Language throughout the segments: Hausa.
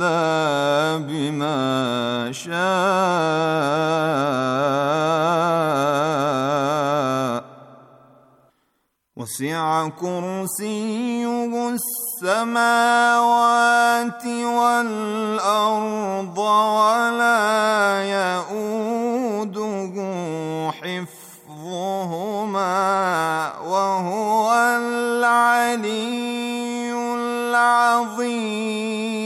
إلا بما شاء وسع كرسيه السماوات والأرض ولا يؤوده حفظهما وهو العلي العظيم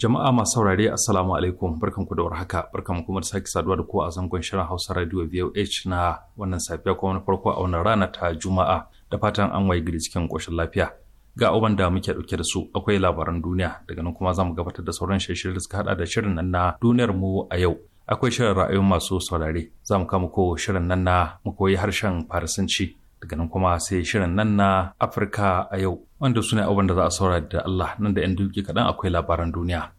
Jama'a masu saurare Assalamu alaikum ku da warhaka barkan kuma da sake saduwa da ku a zangon shirin Hausa Radio VOH na wannan safiya kuma na farko a wannan rana ta Juma'a da fatan an waye gari cikin koshin lafiya. Ga abubuwan da muke dauke da su akwai labaran duniya daga nan kuma zamu gabatar da sauran shirye-shirye da suka hada da shirin nan na duniyar mu a yau. Akwai shirin ra'ayoyin masu saurare zamu kama ko shirin nan na mu koyi harshen Farisanci daga nan kuma sai shirin nan na afirka a yau wanda su ne abin da za a saurara da allah nan da 'yan duki kaɗan akwai labaran duniya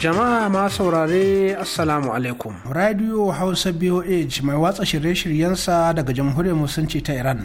jama'a ma saurare assalamu alaikum radio hausa boh mai watsa shirye-shiryensa daga jamhuriyar musulunci ta iran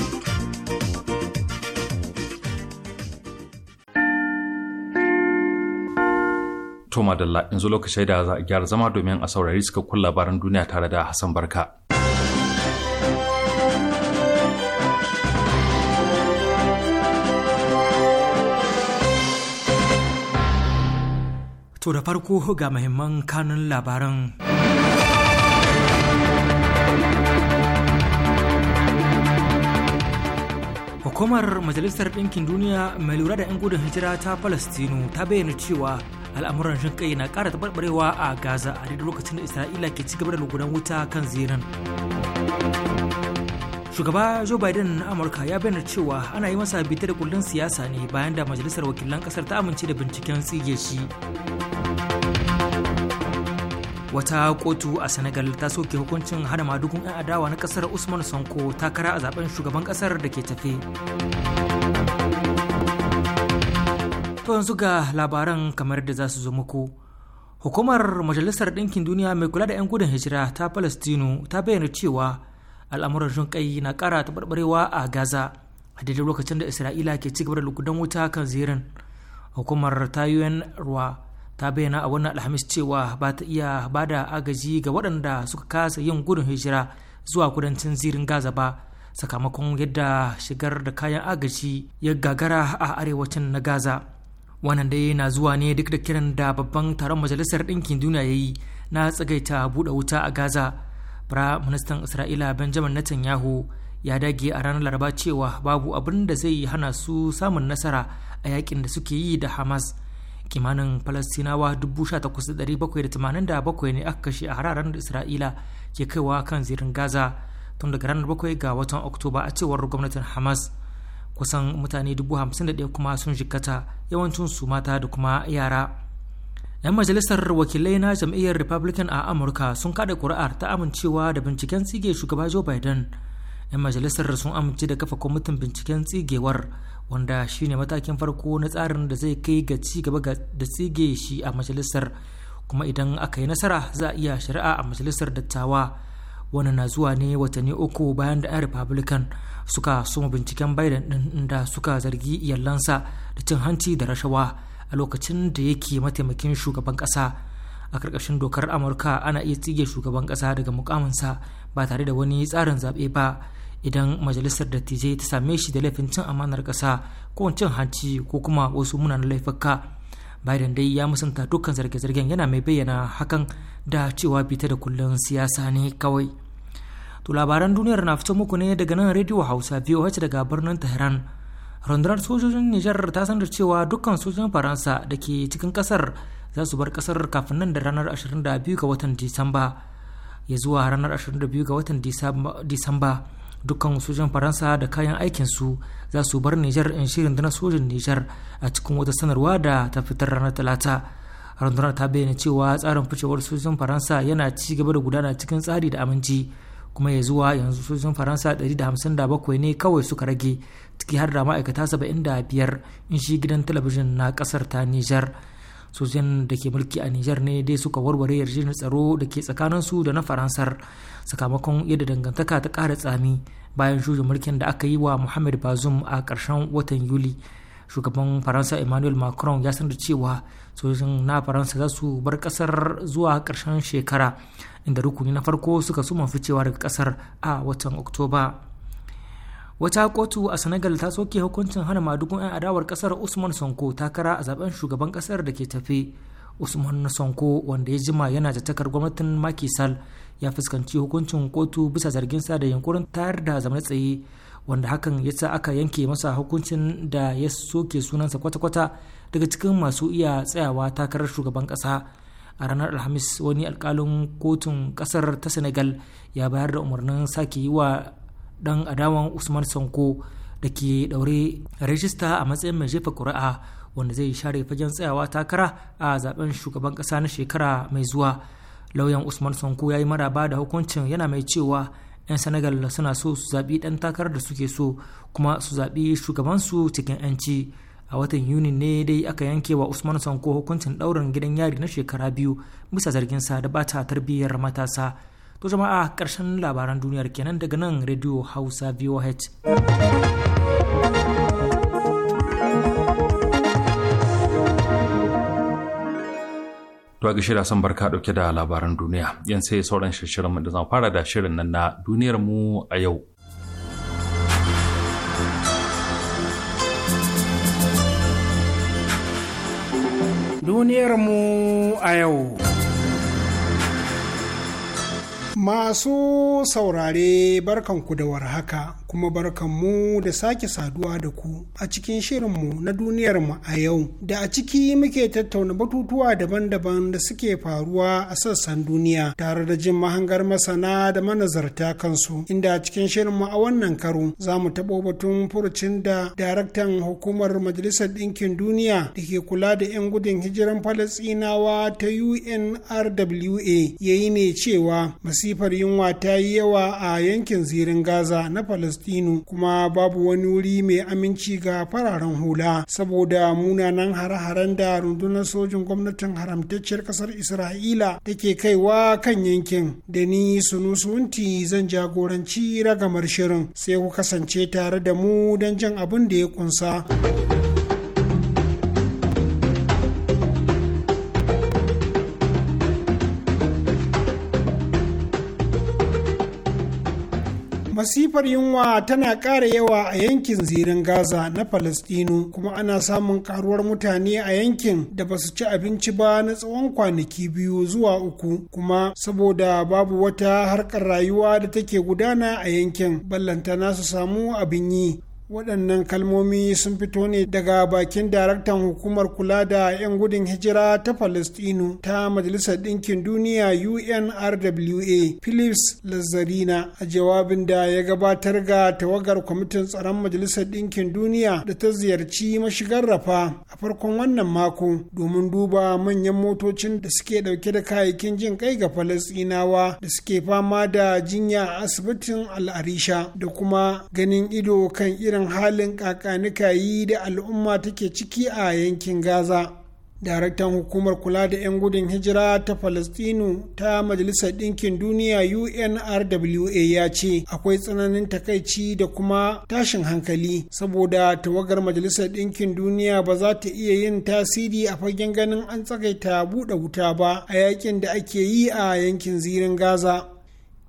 Dalla in zo lokacin da za a gyara zama domin a saurari suka kun labaran duniya tare da Hassan Barka. To da farko ga mahimman kanun labaran. Hukumar Majalisar Ɗinkin Duniya mai lura da 'yan gudun hijira ta Falastinu ta bayyana cewa al'amuran jin kai na kara taɓarɓarewa a gaza a daidai lokacin da isra'ila ke ci gaba da lugudan wuta kan zirin shugaba joe biden na amurka ya bayyana cewa ana yi masa bita da kullun siyasa ne bayan da majalisar wakilan kasar ta amince da binciken tsige shi wata kotu a senegal ta soke hukuncin hana madugun 'yan adawa na kasar usman sonko takara a zaben shugaban kasar da ke tafe To ga labaran kamar da za su zo muku. Hukumar Majalisar Ɗinkin Duniya mai kula da 'yan gudun hijira ta Falastinu ta bayyana cewa al'amuran shun kai na ƙara taɓarɓarewa a Gaza a daidai lokacin da Isra'ila ke cigaba da lugudan wuta kan zirin. Hukumar ta ruwa ta bayyana a wannan Alhamis cewa ba ta iya ba da agaji ga waɗanda suka kasa yin gudun hijira zuwa kudancin zirin Gaza ba. sakamakon yadda shigar da kayan agaji ya gagara a arewacin na gaza wannan dai na zuwa ne duk da kiran da babban taron majalisar ɗinkin duniya ya yi na tsagaita buɗe wuta a gaza ministan isra'ila benjamin netanyahu ya dage a ranar laraba cewa babu abin da zai hana su samun nasara a yakin da suke yi da hamas kimanin falastinawa 18,787 ne aka kashe a hararen da isra'ila ke kaiwa kan zirin gaza tun daga ranar 7 ga watan oktoba a cewar gwamnatin hamas kusan mutane dubu hamsin da ɗaya kuma sun jikata yawancin su mata da kuma yara yan majalisar wakilai na jam'iyyar republican a amurka sun kada kuri'ar ta amincewa da binciken tsige shugaba joe biden yan majalisar sun amince da kafa kwamitin binciken tsigewar wanda shine matakin farko na tsarin da zai kai ga ci gaba da tsige shi a majalisar kuma idan aka yi nasara za a iya shari'a a majalisar dattawa wannan na zuwa ne watanni uku bayan da 'yan republican suka suma binciken biden din inda suka zargi iyalansa da cin hanci da rashawa a lokacin da yake mataimakin shugaban kasa a karkashin dokar amurka ana iya tsige shugaban kasa daga mukaminsa ba tare da wani tsarin zaɓe ba idan majalisar dattijai ta same shi da laifin cin amanar kasa ko cin hanci ko kuma wasu munanan laifuka biden dai ya musanta dukkan zarge-zargen yana mai bayyana hakan da cewa bita da kullun siyasa ne kawai to labaran duniyar na fito muku ne daga nan rediyo hausa voh daga birnin tehran rundunar sojojin nijar ta sanar cewa dukkan sojojin faransa da ke cikin kasar za su bar kasar kafin nan da ranar 22 ga watan disamba ya zuwa ranar 22 ga watan disamba dukkan sojojin faransa da kayan aikinsu za su bar nijar in shirin na sojin nijar a cikin wata sanarwa da ta fitar ranar talata rundunar ta bayyana cewa tsarin ficewar sojojin faransa yana ci gaba da gudana cikin tsari da aminci kuma ya zuwa yanzu sojojin faransa 157 ne kawai suka rage ciki har da ma'aikata 75 in shi gidan talabijin na kasar ta nijar sojojin da ke mulki a nijar ne dai suka warware yarjejeniyar tsaro da ke tsakanin su da na faransar sakamakon yadda dangantaka ta ƙara tsami bayan shugaban mulkin da aka yi wa muhammad bazum a ƙarshen watan yuli shugaban faransa emmanuel macron ya sanar cewa sojojin na faransa za su bar kasar zuwa karshen shekara inda rukuni na farko suka suma ficewa daga kasar a watan oktoba wata kotu a senegal ta soke hukuncin hana madugun 'yan adawar kasar usman sonko takara a zaben shugaban kasar da ke tafi usman sonko wanda ya jima yana da jatakar gwamnatin makisal ya fuskanci hukuncin kotu bisa zargin sa da yunkurin tayar da zama tsaye wanda hakan ya sa aka yanke masa hukuncin da ya soke sunansa kwata-kwata daga cikin masu iya tsayawa takarar shugaban ƙasa a ranar alhamis wani alkalin kotun ƙasar ta senegal ya bayar da umarnin sake yi wa dan adawan usman sanko da ke daure rajista a matsayin mai jefa kuri'a wanda zai share fagen tsayawa takara a zaben shugaban ƙasa na shekara mai zuwa lauyan usman sanko ya yi maraba da hukuncin yana mai cewa 'yan senegal suna so su zaɓi ɗan takarar da suke so kuma su zaɓi shugabansu cikin 'yanci a watan yuni ne dai aka yanke wa usman sanko hukuncin ɗaurin gidan yari na shekara biyu bisa zarginsa da bata tarbiyyar matasa to jama'a ƙarshen labaran duniyar kenan daga nan radio hausa voh To a gishira san barka dauke da labaran duniya. Yan sai sauran shirin da zan fara da shirin nan na duniyar mu a yau. Duniyar mu a yau. Masu saurare barkanku da warhaka. kuma barkanmu da sake saduwa da ku a cikin shirinmu na duniyarmu a yau da a ciki muke tattauna batutuwa daban-daban da suke faruwa a sassan duniya tare da jin mahangar masana da manazarta kansu inda a cikin mu a wannan karo za mu taɓo batun furucin da daraktan hukumar majalisar ɗinkin duniya da ke kula da 'yan gudun hijiran falasɗinawa ta unrwa ya yi ne cewa masifar yunwa ta yi yawa a yankin zirin gaza na falasɗin Falastinu kuma babu wani wuri mai aminci ga fararen hula saboda munanan hare-haren da rundunar sojin gwamnatin haramtacciyar kasar Isra'ila da ke kaiwa kan yankin da ni sunusunti zan jagoranci ragamar shirin sai ku kasance tare da mu don jin abin da ya kunsa. masifar yunwa tana ƙara yawa a yankin zirin gaza na falastinu kuma ana samun karuwar mutane a yankin da ba su ci abinci ba na tsawon kwanaki biyu zuwa uku kuma saboda babu wata harkar rayuwa da take gudana a yankin ballantana su samu abin yi waɗannan kalmomi sun fito ne daga bakin daraktan hukumar kula da 'yan gudun hijira ta palestinu ta majalisar ɗinkin duniya unrwa philips lazzarina a jawabin da ya gabatar ga tawagar kwamitin tsaron majalisar ɗinkin duniya da ta ziyarci mashigar rafa a farkon wannan mako domin duba manyan motocin da suke ɗauke da kayayyakin jin kai ga palestinawa da suke fama da jinya a asibitin al'arisha da kuma ganin ido kan irin irin halin kakanika yi da al'umma take ciki a yankin gaza daraktan hukumar kula da 'yan gudun hijira ta falastinu ta majalisar ɗinkin duniya unrwa ya ce akwai tsananin takaici da kuma tashin hankali saboda tawagar majalisar ɗinkin duniya ba za ta iya yin tasiri a fagen ganin an tsagaita buɗe wuta ba a yakin da ake yi a yankin zirin gaza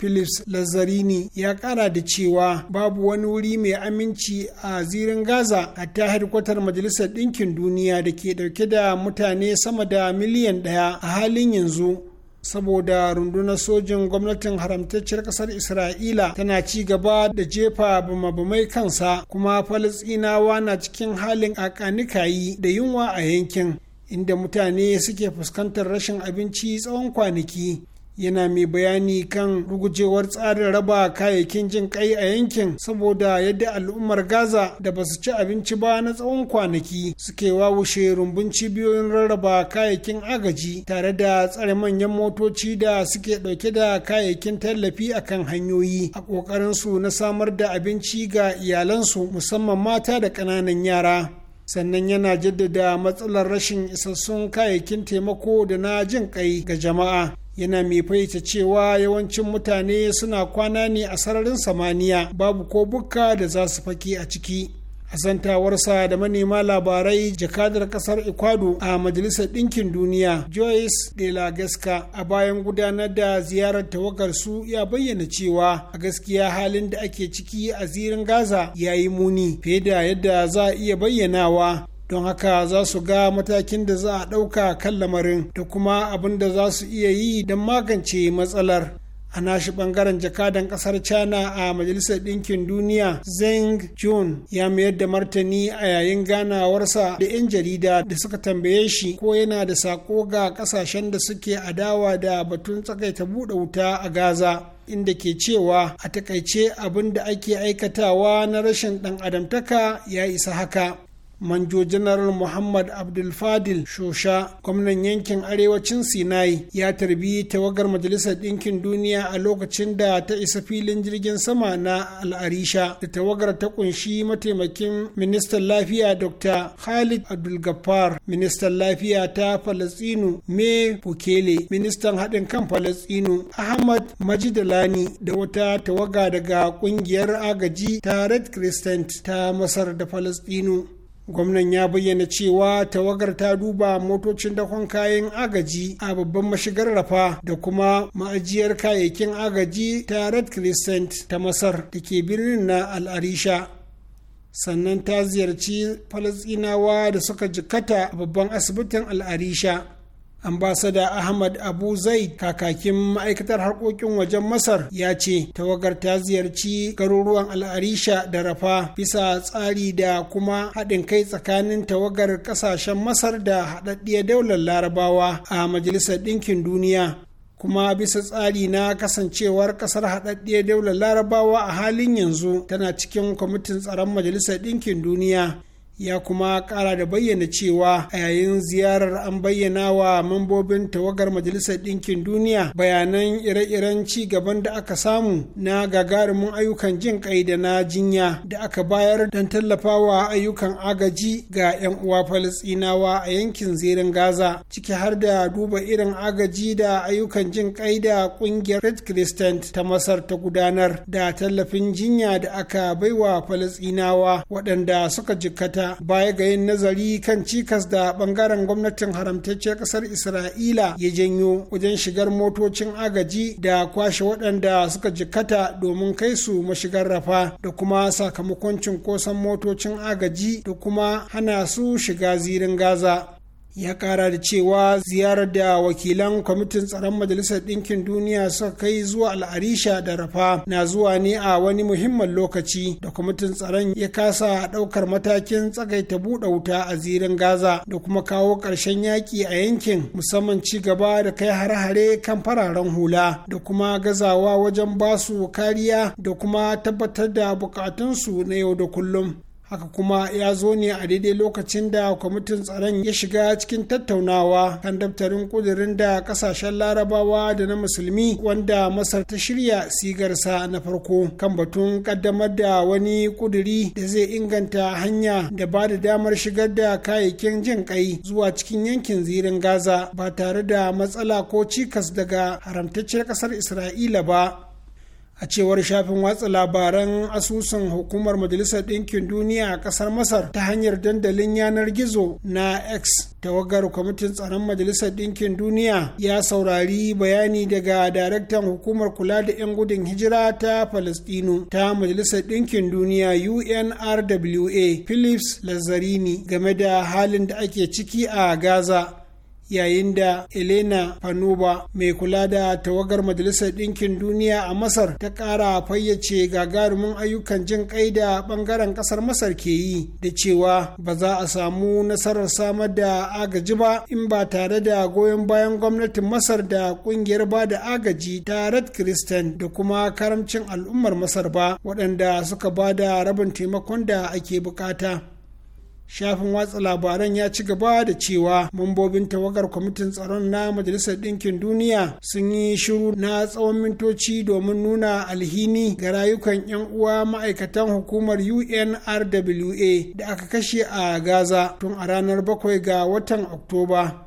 philips lazzarini ya kara da cewa babu wani wuri mai aminci a zirin gaza a ta hedkwatar majalisar ɗinkin duniya da ke ɗauke da mutane sama da miliyan ɗaya a halin yanzu saboda rundunar sojin gwamnatin haramtacciyar kasar isra'ila tana ci gaba da jefa bama-bamai kansa kuma falisinawa na cikin halin akanikayi da yunwa a yankin inda mutane suke fuskantar rashin abinci tsawon kwanaki yana mai bayani kan rugujewar tsarin raba kayayyakin jin kai a yankin saboda yadda al'ummar gaza da ba su ci abinci ba na tsawon kwanaki suke wawushe rumbun cibiyoyin rarraba kayayyakin agaji tare da tsare manyan motoci da suke ɗauke da kayayyakin tallafi a kan hanyoyi a ƙoƙarin su na samar da abinci ga iyalansu musamman mata da ƙananan yara sannan yana jaddada matsalar rashin isassun kayayyakin taimako da na jin kai ga jama'a yana mai fahimta cewa yawancin mutane suna kwana ne a sararin samaniya babu ko bukka da za su fake a ciki asantawarsa da manema labarai jakadar kasar ecuador a majalisar ɗinkin duniya joyce de la gasca a bayan gudanar da ziyarar tawagarsu ya bayyana cewa a gaskiya halin da ake ciki a zirin gaza ya yi muni fiye da yadda za a iya bayyanawa don haka za su ga matakin da za a ɗauka kan lamarin da kuma abin da za su iya yi don magance matsalar a nashi bangaren jakadan ƙasar china a majalisar ɗinkin duniya zeng jun ya mayar da martani a yayin ganawarsa da 'yan jarida da suka tambaye shi ko yana da sako ga ƙasashen da suke adawa da batun tsakaita buɗe wuta a gaza inda ke cewa a takaice abin da ake aikatawa na rashin ɗan adamtaka ya isa haka manjo janar muhammad abdulfadil shosha gwamnan yankin arewacin sinai ya tarbi tawagar majalisar ɗinkin duniya a lokacin da ta isa filin jirgin sama na al'arisha da tawagar ta ƙunshi mataimakin ministan lafiya dr khalid abdulgafar ministan lafiya ta falastinu me bukele ministan haɗin kan falastinu ahmad majidalani da wata tawaga daga ƙungiyar agaji ta red crescent ta masar da falastinu gwamnan ya bayyana cewa tawagar ta duba motocin dakon kayan agaji a babban mashigar rafa da kuma ma'ajiyar kayayyakin agaji ta red crescent ta masar da ke birnin na al'arisha sannan ta ziyarci falasinawa da suka jikata a babban asibitin al'arisha ambasada ahmad abu zaid kakakin ma'aikatar harkokin wajen masar ya ce tawagar ta ziyarci garuruwan al'arisha da rafa bisa tsari da kuma haɗin kai tsakanin tawagar ƙasashen masar da haɗaɗɗiya daular larabawa a majalisar ɗinkin duniya kuma bisa tsari na kasancewar kasar haɗaɗɗiya daular larabawa a halin yanzu tana cikin kwamitin tsaron majalisar ɗinkin duniya ya kuma kara da bayyana cewa a yayin ziyarar an bayyana wa mambobin tawagar majalisar ɗinkin duniya bayanan ire-iren ci gaban da aka samu na gagarumin ayyukan jin kai da na jinya da aka bayar don tallafawa ayyukan agaji ga 'yan uwa falasɗinawa a yankin zirin gaza ciki har da duba irin agaji da ayyukan jin kai da ƙungiyar red crescent ta masar ta gudanar da tallafin jinya da aka baiwa Falasinawa waɗanda suka jikkata baya ga yin nazari kan cikas da bangaren gwamnatin haramtacce kasar isra'ila ya janyo wajen shigar motocin agaji da kwashe waɗanda suka jikkata domin kai su mashigar rafa da kuma sakamakon cunkoson motocin agaji da kuma hana su shiga zirin gaza ya kara da cewa ziyarar da wakilan kwamitin tsaron majalisar ɗinkin duniya suka kai zuwa al'arisha da rafa na zuwa ne a wani muhimmin lokaci da kwamitin tsaron ya kasa ɗaukar matakin tsagaita buɗe wuta a zirin gaza da kuma kawo ƙarshen yaƙi a yankin musamman ci gaba da kai hare-hare kan fararen hula da kuma gazawa wajen basu kariya da kuma tabbatar da bukatunsu na yau da kullum haka kuma ya zo ne a daidai lokacin da kwamitin tsaron ya shiga cikin tattaunawa kan daftarin kudirin da kasashen larabawa da na musulmi wanda masar ta shirya sigarsa na farko kan batun kaddamar da wani kuduri da zai inganta hanya da ba da damar shigar da kayayyakin jin kai zuwa cikin yankin zirin gaza ba tare da matsala ko cikas daga haramtacciyar kasar isra'ila ba a cewar shafin watsa labaran asusun hukumar majalisar ɗinkin duniya a ƙasar masar ta hanyar dandalin yanar gizo na x tawagar kwamitin tsaron majalisar ɗinkin duniya ya saurari bayani daga daraktan hukumar kula da 'yan gudun hijira ta palestino ta majalisar ɗinkin duniya unrwa philips lazzarini game da halin da ake ciki a gaza yayin da elena Panuba mai kula da tawagar majalisar ɗinkin duniya a masar ta ƙara fayyace gagarumin ayyukan jin kai da ɓangaren ƙasar masar ke yi da cewa ba za a samu nasarar samar da agaji ba in ba tare da goyon bayan gwamnatin masar da ƙungiyar ba da agaji ta red christian da kuma karamcin al'ummar masar ba waɗanda suka ba da rabin taimakon da ake bukata shafin watsa labaran ya ci gaba da cewa mambobin tawagar kwamitin tsaron na majalisar ɗinkin duniya sun yi shiru na tsawon mintoci domin nuna alhini ga rayukan 'yan uwa ma'aikatan hukumar unrwa da aka kashe a gaza tun a ranar 7 ga watan oktoba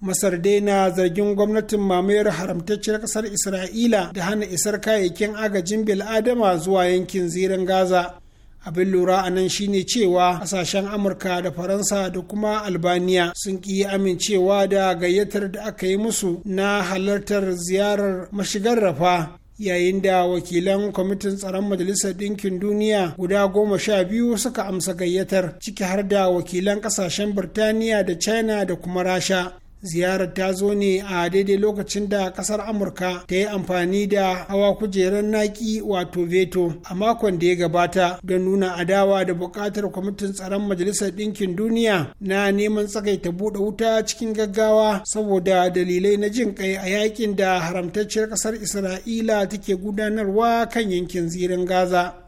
masar dai na zargin gwamnatin mamayar haramtacciyar ƙasar isra'ila da hana isar kayayyakin agajin bil'adama zuwa yankin zirin gaza abin lura a nan shine cewa kasashen amurka da faransa da kuma albaniya sun ki amincewa da gayyatar da aka yi musu na halartar ziyarar mashigar rafa yayin da wakilan kwamitin tsaron majalisar ɗinkin duniya guda goma sha biyu suka amsa gayyatar ciki har da wakilan ƙasashen birtaniya da china da kuma rasha ziyarar ta zo ne a daidai lokacin da kasar amurka ta yi amfani da hawa kujerar naki wato veto a makon da ya gabata don nuna adawa da buƙatar kwamitin tsaron majalisar ɗinkin duniya na neman tsakaita buɗe wuta cikin gaggawa saboda dalilai na jin kai a yakin da haramtacciyar kasar isra'ila take gudanarwa kan yankin zirin gaza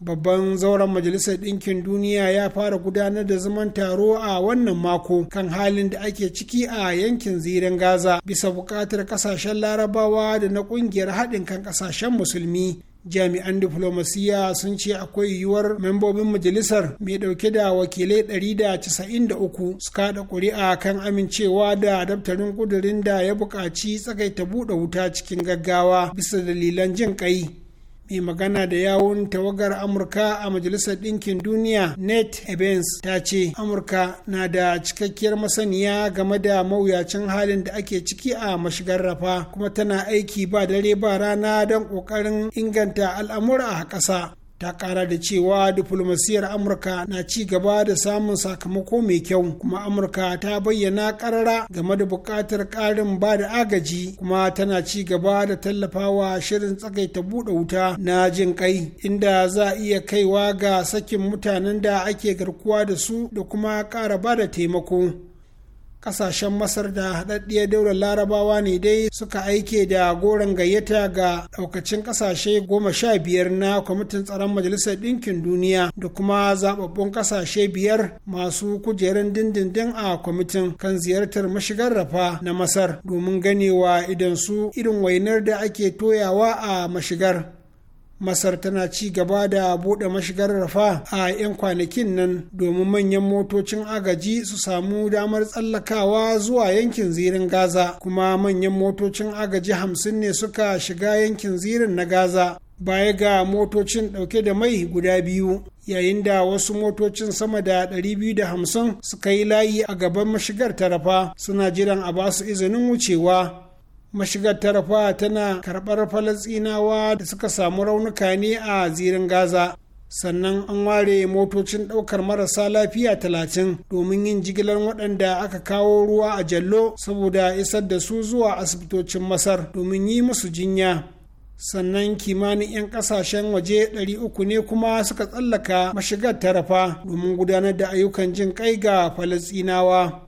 Babban zauren Majalisar Ɗinkin Duniya ya fara gudanar da zaman taro a wannan mako kan halin da ake ciki a yankin ziren Gaza bisa buƙatar ƙasashen Larabawa da na ƙungiyar haɗin kan ƙasashen Musulmi. jami'an diflomasiya sun ce akwai yiwuwar membobin majalisar mai ɗauke da wakilai 193 su kaɗa ƙuri'a kan amincewa da daftarin ƙudurin da ya buƙaci tsagaita buɗe wuta cikin gaggawa bisa dalilan jin ƙai mai magana da yawun tawagar amurka a majalisar ɗinkin duniya net evans ta ce amurka na da cikakkiyar masaniya game da mawuyacin halin da ake ciki a mashigar rafa kuma tana aiki ba dare ba rana don ƙoƙarin inganta al'amura a ƙasa ta kara da cewa diflomasiyar amurka na ci gaba da samun sakamako mai kyau kuma amurka ta bayyana karara game da buƙatar ƙarin ba da agaji kuma tana ci gaba da tallafawa shirin tsakaita buɗe wuta na jin kai inda za a iya kaiwa ga sakin mutanen da ake garkuwa da su da kuma ƙara ba da taimako kasashen masar da haɗaɗɗiyar daular larabawa ne dai suka aike da goron gayyata ga ɗaukacin ƙasashe goma sha biyar na kwamitin tsaron majalisar ɗinkin duniya da kuma zababbun ƙasashe biyar masu kujerun dindindin a kwamitin kan ziyartar mashigar rafa na masar domin ganewa idan su irin wainar da ake toyawa a mashigar masar tana ci gaba da buɗe mashigar rafa a 'yan kwanakin nan domin manyan motocin agaji su samu damar tsallakawa zuwa yankin zirin gaza kuma manyan motocin agaji hamsin ne suka shiga yankin zirin na gaza baya ga motocin ɗauke da mai guda biyu yayin da wasu motocin sama da 250 suka yi layi a gaban mashigar ta rafa suna jiran a basu izinin wucewa mashigar tarafa tana karɓar falasinawa da suka samu raunuka ne a zirin gaza sannan an ware motocin ɗaukar marasa lafiya talatin domin yin jigilar waɗanda aka kawo ruwa a jallo saboda isar da su zuwa asibitocin masar domin yi musu jinya sannan kimanin 'yan kasashen waje 300 ne kuma suka tsallaka mashigar tarafa domin gudanar da ayyukan jin kai ga falasinawa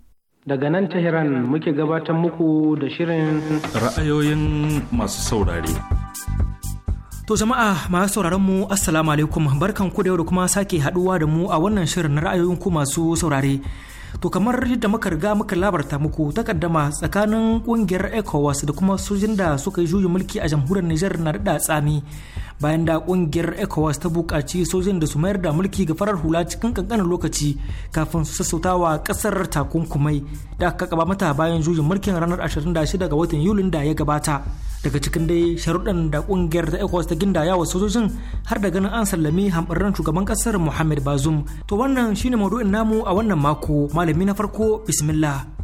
Daga nan ta Tehran muke gabatar muku da shirin ra'ayoyin masu saurare. To jama'a masu sauraron mu assalamu alaikum barkan ku da yau da kuma sake haduwa da mu a wannan shirin na ra'ayoyin ku masu saurare. To kamar yadda muka riga muka labarta muku takaddama tsakanin kungiyar ECOWAS da kuma sojin da suka yi juyin mulki a jamhuriyar Nijar na da tsami bayan da kungiyar ecowas ta bukaci sojin da su mayar da mulki ga farar hula cikin kankanin lokaci kafin su sassauta wa kasar takunkumai da aka kaba mata bayan jujin mulkin ranar 26 ga watan yulin da ya gabata daga cikin dai sharuɗan da kungiyar ta ecowas ta gindaya wa sojojin har da ganin an sallami hamɓarren shugaban ƙasar muhammad bazum to wannan shine maudu'in namu a wannan mako malami na farko bismillah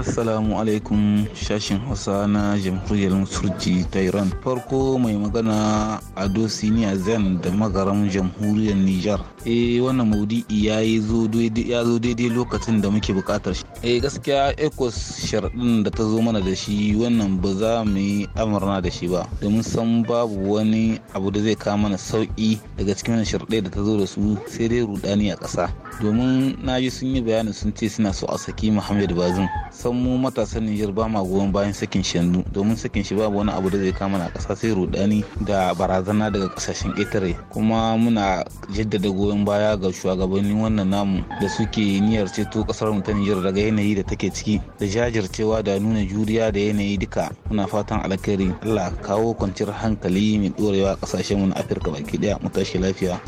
Assalamu alaikum shashin Hausa na jamhuriyar Surji ta Iran. Farko mai magana Ado Dosiniya Zen da magaran jamhuriyar Nijar. E wannan maudu'i ya zo daidai lokacin da muke bukatar shi. E gaskiya ECOS sharɗin da ta zo mana da shi wannan ba za mu yi amurna da shi ba. Domin san babu wani abu da zai kawo mana sauƙi daga cikin sharɗai da ta zo da su sai dai rudani a ƙasa. Domin na ji sun yi bayani sun ce suna so a saki Muhammad Bazin. san mu matasan Nijar ba ma goyon bayan sakin shannu domin sakin shi babu wani abu da zai kama na ƙasa sai rudani da barazana daga kasashen ƙetare kuma muna jaddada goyon baya ga shugabannin wannan namu da suke niyyar ceto ƙasar mu ta Nijar daga yanayi da take ciki da jajircewa da nuna juriya da yanayi duka muna fatan alkhairi Allah kawo kwanciyar hankali mai ɗorewa kasashen mu na Afirka baki ɗaya mu tashi lafiya.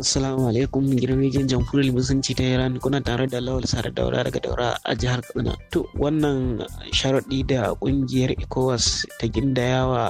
Assalamu alaikum gidan rediyon jamhuriyar musulunci ta Iran kuna tare da Lawal Sare Daura daga Daura a jihar Kaduna. To wannan sharaɗi da ƙungiyar ECOWAS ta gindaya wa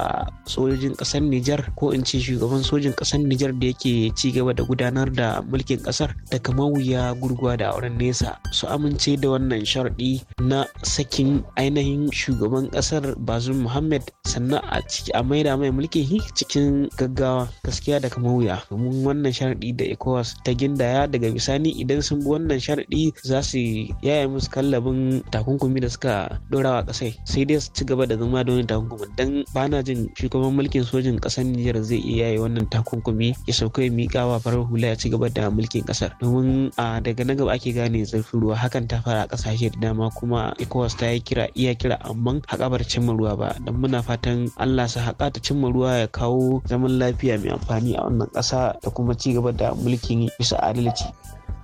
sojojin ƙasar Nijar ko in ce shugaban sojin ƙasar Nijar da yake ci gaba da gudanar da mulkin ƙasar da kamar wuya gurguwa da auren nesa su amince da wannan sharaɗi na sakin ainihin shugaban ƙasar Bazoum Muhammad sannan a ciki maida mai mulkin cikin gaggawa gaskiya da kamar wuya domin wannan sharaɗi da da ecowas ta gindaya daga bisani idan sun bi wannan sharaɗi za su yaya musu kallabin takunkumi da suka ɗorawa kasai sai dai su ci gaba da zama da wani takunkumi dan bana jin shugaban mulkin sojin kasar Nijar zai iya yaya wannan takunkumi ya sauka ya miƙa wa farar hula ya ci gaba da mulkin kasar domin a daga na gaba ake gane zurfin ruwa hakan ta fara kasashe da dama kuma ECOWAS ta yi kira iya kira amma haƙa ba ta cimma ruwa ba dan muna fatan Allah sa haƙa ta cimma ruwa ya kawo zaman lafiya mai amfani a wannan ƙasa da kuma ci gaba da ga mulkin bisa adalci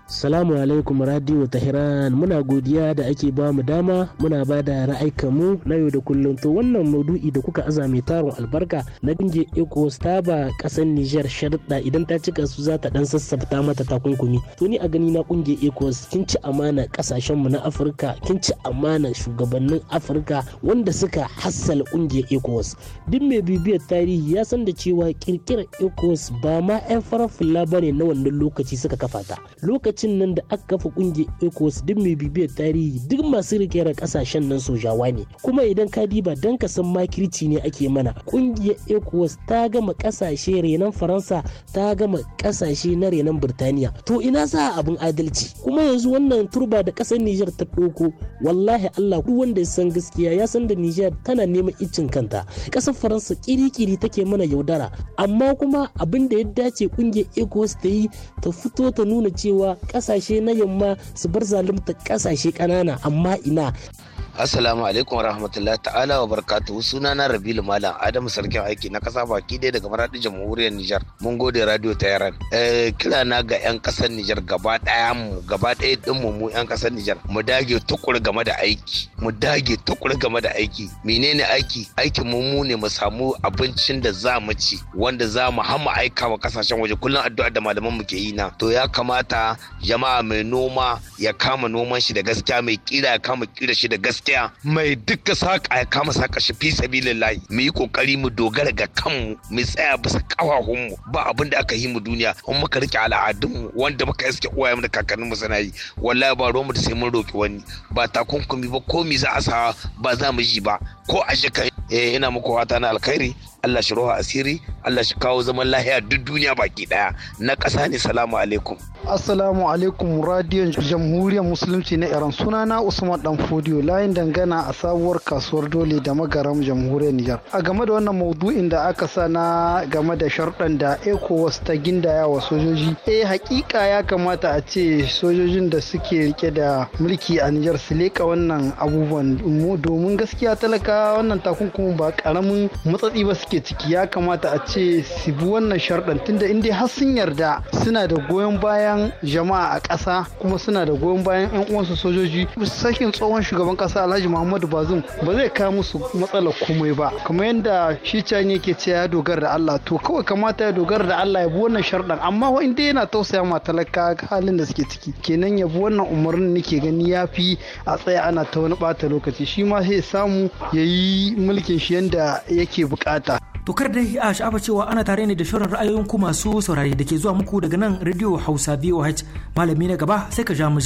Salamu alaikum Radio Tahiran muna godiya da ake ba mu dama muna ba da mu na yau da kullum to wannan maudu'i da kuka azame mai albarka na dinge eco ta ba kasar Nijar sharda idan ta cika su za ta dan sassafta mata takunkumi to ni a gani na kungiyar eco kin ci amana kasashen mu na Afirka kin ci amana shugabannin Afirka wanda suka hassala kungiyar eco duk mai bibiyar tarihi ya san da cewa kirkirar eco ba ma 'yan farar bane na wannan lokaci suka kafa ta lokaci lokacin nan da aka kafa kungiyar ecos duk mai bibiyar tarihi duk masu rikera kasashen nan sojawa ne kuma idan ka diba dan ka san makirci ne ake mana kungiyar ecos ta gama kasashe renon faransa ta gama kasashe na renon birtaniya to ina sa abin adalci kuma yanzu wannan turba da kasar niger ta ɗauko wallahi allah duk wanda ya san gaskiya ya san da niger tana neman icin kanta kasar faransa kirikiri take mana yaudara amma kuma abin da ya dace kungiyar ecos ta yi ta fito ta nuna cewa kasashe na yamma su bar zalunta kasashe ƙanana amma ina Assalamu alaikum warahmatullahi ta'ala wa suna sunana Rabilu Malam Adamu sarkin aiki na kasa baki dai daga maradin jamhuriyar Nijar. Mun gode Radio ta Eh kira na ga yan kasar Nijar gaba daya mu gaba daya din mu mu yan kasar Nijar mu dage tukur game da aiki. Mu dage tukur game da aiki. Menene aiki? Aikin mu mu ne mu samu abincin da za mu ci wanda za mu hama aika wa kasashen waje kullum addu'a da malaman mu ke yi na. To ya kamata jama'a mai noma ya kama noman shi da gaskiya mai kira ya kama kira shi da gaskiya gaskiya mai duka saka ya kama saka shi fi mu yi kokari mu dogara ga kanmu mu tsaya bisa kafafun ba abin da aka yi mu duniya in muka rike al'adun mu wanda muka suke uwaye mu da kakannin mu suna yi wallahi ba ruwan mu da sai mun roki wani ba takunkumi ba komi za a sa ba za mu ji ba ko a shi kai eh, ina muku fata na alkhairi Allah shi roha asiri Allah shi kawo zaman lahiya duk duniya baki daya na ƙasa ne salamu alaikum assalamu alaikum radiyon jamhuriyar musulunci na iran sunana usman dan fodiyo layin dangana a sabuwar kasuwar dole da magaram jamhuriyar nijar a game da wannan maudu'in da aka sa na game da sharɗan da Eko wasu ta gindaya wa sojoji eh hakika ya kamata a ce sojojin da suke rike da mulki a nijar su leka wannan abubuwan domin gaskiya talaka wannan takunkumin ba karamin matsatsi ba suke ciki ya kamata a ce su bi wannan sharɗan tunda in dai har sun yarda suna da goyon bayan jama'a a ƙasa kuma suna da goyon bayan 'yan uwansu sojoji sakin tsohon shugaban ƙasa alhaji muhammadu bazum ba zai kawo musu matsalar komai ba kamar yadda shi can yake ce ya dogara da allah to kawai kamata ya dogara da allah ya bi wannan sharɗan amma wa dai yana tausaya ma talaka halin da suke ciki kenan ya bi wannan umarnin nake gani ya fi a tsaya ana ta wani ɓata lokaci shi ma sai samu ya yi mulkin shi yadda yake bukata Tokar dai a sha'afa cewa ana tare ne da shirin ra'ayoyin ku masu saurare da ke zuwa muku daga nan Radio Hausa VOH malami na gaba sai ka ja mu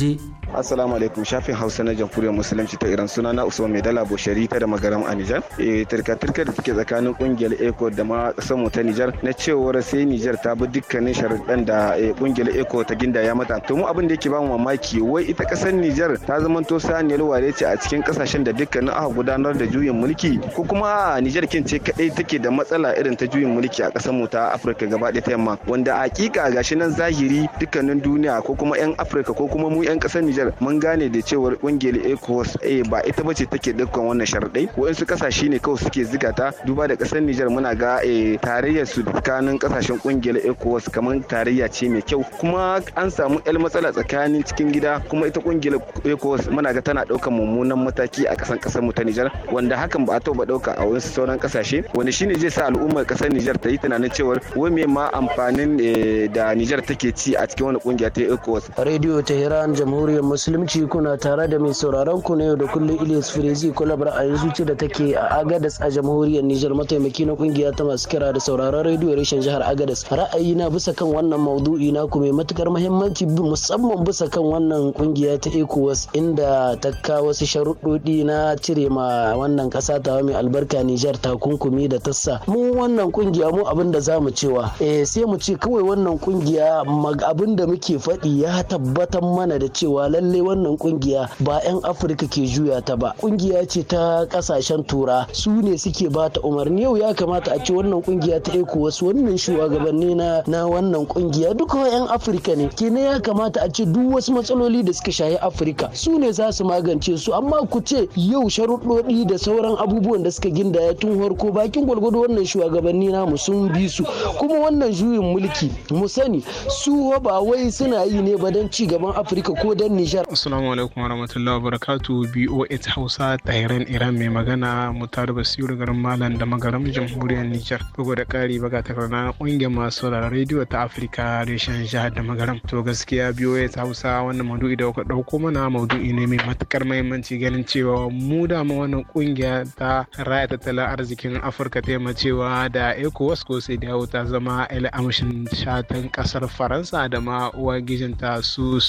Assalamu alaikum shafin Hausa na Jamhuriyar Musulunci ta Iran suna na Usman Maidala Boshari ta da magaram a Nijar. E eh, turka turka da take tsakanin kungiyar ECO da ma kasar mu ta Nijar na cewar sai Nijar ta bi dukkanin sharuɗan da kungiyar eh, ECO ta ginda ya mata. To mu abin da yake ba mu mamaki wai ita kasar Nijar ta zamanto saniyar ware ce a cikin kasashen da dukkanin aka gudanar da juyin mulki ko kuma Nijar kin ce kadai take da matsala irin ta juyin mulki a ƙasar mu ta Afirka gaba ɗaya ta yamma wanda a hakika gashi nan zahiri dukkanin duniya ko kuma 'yan Afirka ko kuma mu 'yan ƙasar Nijar mun gane da cewar ƙungiyar ECOWAS eh ba ita bace take dukkan wannan sharaɗai waɗansu ƙasashe ne kawai suke ziga ta duba da ƙasar Nijar muna ga eh, tarayyar su tsakanin ƙasashen ƙungiyar ECOWAS kamar tarayya ce mai kyau kuma an samu 'yan matsala tsakanin cikin gida kuma ita ƙungiyar ECOWAS muna ga tana ɗaukar mummunan mataki a ƙasan ƙasar mu ta Nijar wanda hakan ba a taɓa ɗauka a wasu sauran ƙasashe wanda shine zai sa al'ummar kasar Nijar ta yi tunanin cewar wai ma amfanin eh, da Nijar take ci a cikin wani kungiya ta ECOWAS. Radio Tehran Jamhuriyar Musulunci kuna tare da mai sauraron ku na yau da kullum Ilyas Firezi Kulabar a yanzu da take a Agadas a Jamhuriyar Nijar mataimaki na kungiya ta masu kira da sauraron rediyo reshen jihar Agadas. Ra'ayi na bisa kan wannan maudu'i na ku mai matukar muhimmanci musamman bisa kan wannan kungiya ta ECOWAS inda ta kawo wasu sharuɗoɗi na cire ma wannan ƙasa ta mai albarka Nijar takunkumi da tassa mu wannan kungiya mu abin da za mu cewa eh sai mu ce kawai wannan kungiya abin da muke faɗi ya tabbatar mana da cewa lalle wannan kungiya ba 'yan afirka ke juya ta ba kungiya ce ta kasashen tura su ne suke ba ta umarni yau ya kamata a ce wannan kungiya ta wasu wannan shugabanni na na wannan kungiya duka 'yan afirka ne kene ya kamata a ce duk wasu matsaloli da suka shahi afirka su ne za su magance su amma ku ce yau sharuɗoɗi da sauran abubuwan da suka gindaya tun harko bakin gwalgwado wannan shugabanni namu sun bi su kuma wannan juyin mulki mu sani su ba wai suna yi ne ba don ci gaban afirka ko don nijar assalamu alaikum warahmatullahi wabarakatuh boh hausa tahiran iran mai magana mutar basiru garin malam da magaram jamhuriyar nijar bugu da kari baga takarda kungiyar masu rediyo ta afirka reshen jihar da magaram to gaskiya boh hausa wannan maudu'i da kuka dauko mana maudu'i ne mai matukar mahimmanci ganin cewa mu dama wannan kungiya ta raya tattalin arzikin afirka ta yammaci cewa da ecowas ko sai dawo ta zama amshin shatan kasar faransa da ma uwa gijinta su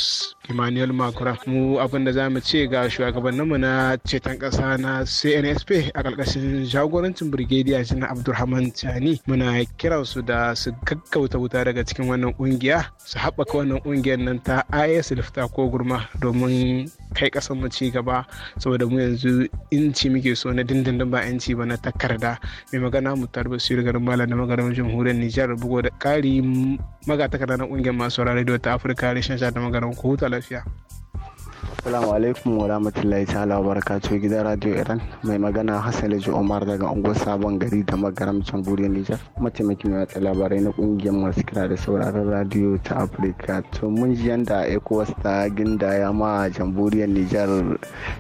emmanuel makura mu abin da za mu ce ga shugabanninmu na ceton kasa na cnsp a ƙarƙashin jagorancin brigadier janar abdulrahman tani muna su da su gaggauta wuta daga cikin wannan ƙungiya su haɓaka wannan ƙungiyar nan ta is lifta ko gurma domin kai ƙasar mu ci gaba saboda mu yanzu inci muke so na dindindin ba yanci ba na takarda mai magana mu tarba su garin malam da magana jamhuriyar nijar bugo da ƙari takarda na ƙungiyar masu da ta afirka reshen sha da magana ko huta 感谢。Assalamu alaikum wa rahmatullahi ta'ala wa gidan Radio Iran mai magana Hassan Laji Umar daga unguwar Sabon Gari da magaramcin Buriyar Nijar mataimakin mai watsa labarai na kungiyar masu kira da sauraron radio ta Afirka to mun ji yanda ECOWAS ta ya ma jamhuriyar Nijar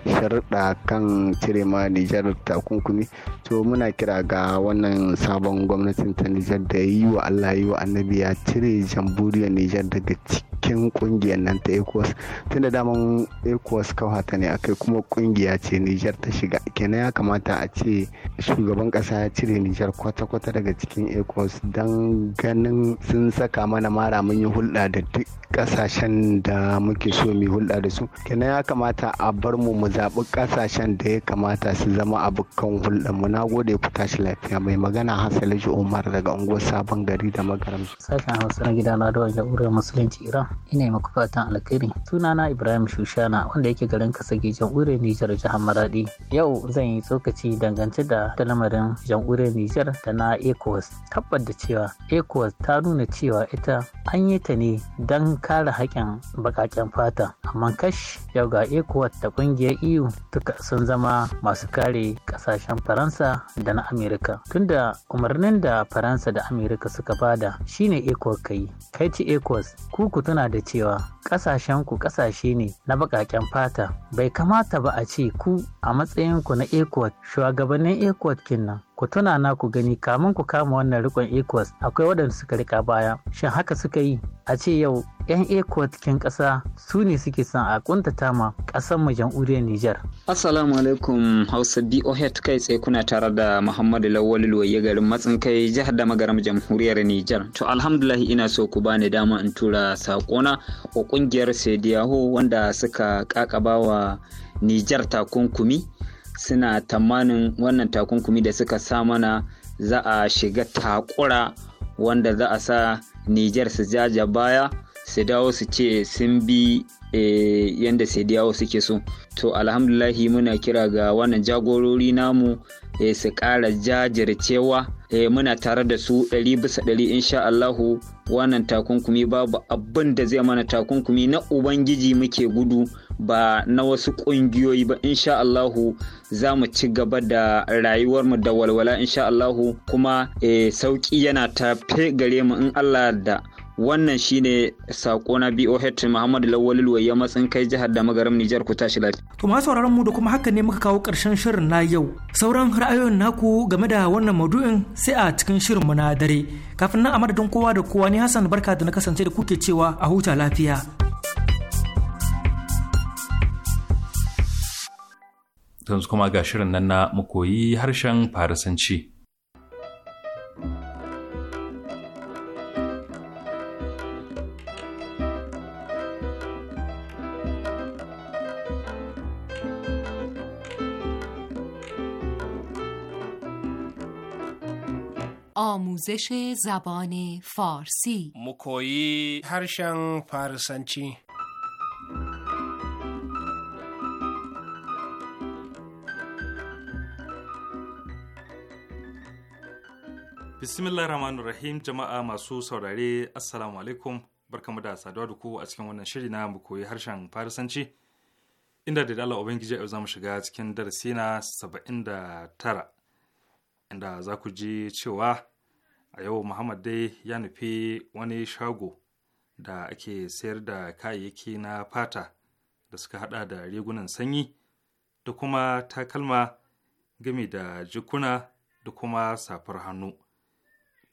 sharuɗa kan cire ma Nijar takunkumi to muna kira ga wannan sabon gwamnatin ta Nijar da yi wa Allah yi wa annabi ya cire jamhuriyar Nijar daga cikin kungiyar nan ta ECOWAS tunda daman ecowas kawa ta ne akai kuma kungiya ce nijar ta shiga kenan ya kamata a ce shugaban kasa ya cire nijar kwata-kwata daga cikin ecowas don ganin sun saka mana mara mun yi hulɗa da duk kasashen da muke so mu hulɗa da su kenan ya kamata a bar mu mu zaɓi kasashen da ya kamata su zama abokan hulɗar mu na gode ku tashi lafiya mai magana hasalaji umar daga unguwar sabon gari da magaram sashen hausa na gida na da jamhuriyar musulunci iran ina yi muku alkhairi sunana ibrahim shushana Katsina wanda yake garin Kasage jamhuriyar Nijar jihar Maradi. Yau zan yi tsokaci dangance da lamarin jamhuriyar Nijar da na ECOWAS. Tabbat da cewa ECOWAS ta nuna cewa ita an yi ta ne don kare haƙƙin baƙaƙen fata. Amma kash yau ga ECOWAS da ƙungiyar EU duka sun zama masu kare ƙasashen Faransa da na Amerika. Tunda umarnin da Faransa da Amerika suka bada shine ECOWAS kai. Kai ci ECOWAS ku ku tuna da cewa ƙasashen ku ƙasashe ne na baƙaƙen baƙaƙen fata bai kamata ba a ce ku a matsayinku na ecot shugabannin ecot kinnan ku tuna na ku gani kamun ku kama wannan rikon ecos akwai waɗanda suka rika baya shin haka suka yi a ce yau 'yan ecos cikin ƙasa su ne suke son a kuntata ma ƙasar mu jamhuriyar niger assalamu alaikum hausa boh kai tsaye kuna tare da muhammadu lawal loye garin matsin kai jihar da magaram jamhuriyar niger to alhamdulahi ina so ku bani dama in tura saƙona wa ƙungiyar sediyaho wanda suka wa nijar takunkumi suna tamanin wannan takunkumi da suka sa mana za a shiga takura wanda za a sa Nijar su jaja baya su dawo su ce sun bi eh, yadda sai dawo suke so to alhamdulahi muna kira ga wannan jagorori namu eh, su ƙara jajircewa eh, muna tare da su ɗari bisa ɗari insha Allahu wannan takunkumi babu abin da zai mana takunkumi na ubangiji muke gudu ba na wasu ƙungiyoyi ba insha Allahu za mu ci gaba da rayuwarmu da walwala insha Allahu kuma e, sauƙi yana tafe gare mu in Allah da wannan shine sako na BOH Muhammadu Lawal ya matsin kai jihar da magaram Nijar ku tashi lafiya. To ma sauraron mu da kuma haka ne muka kawo karshen shirin na yau. Sauran ra'ayoyin naku game da wannan maudu'in sai a cikin shirin mu na dare. Kafin nan a madadin kowa da kowa ni Hassan barka da na kasance da kuke cewa a huta lafiya. yanzu kuma ga shirin nan na koyi harshen farisanci. آموزش زبان فارسی مکویی هرشن فارسنچی Bismillah Rahman Rahim jama'a masu saurare Assalamu alaikum barkamu da saduwa da ku a cikin wannan shiri na mu koyi harshen Farisanci inda da dala Ubangiji yau zamu shiga cikin darasi na 79 inda za ku ji cewa a yau Muhammad dai ya nufi wani shago da ake sayar da kayayyaki na fata da suka hada da rigunan sanyi da kuma takalma gami da jikuna da kuma safar hannu.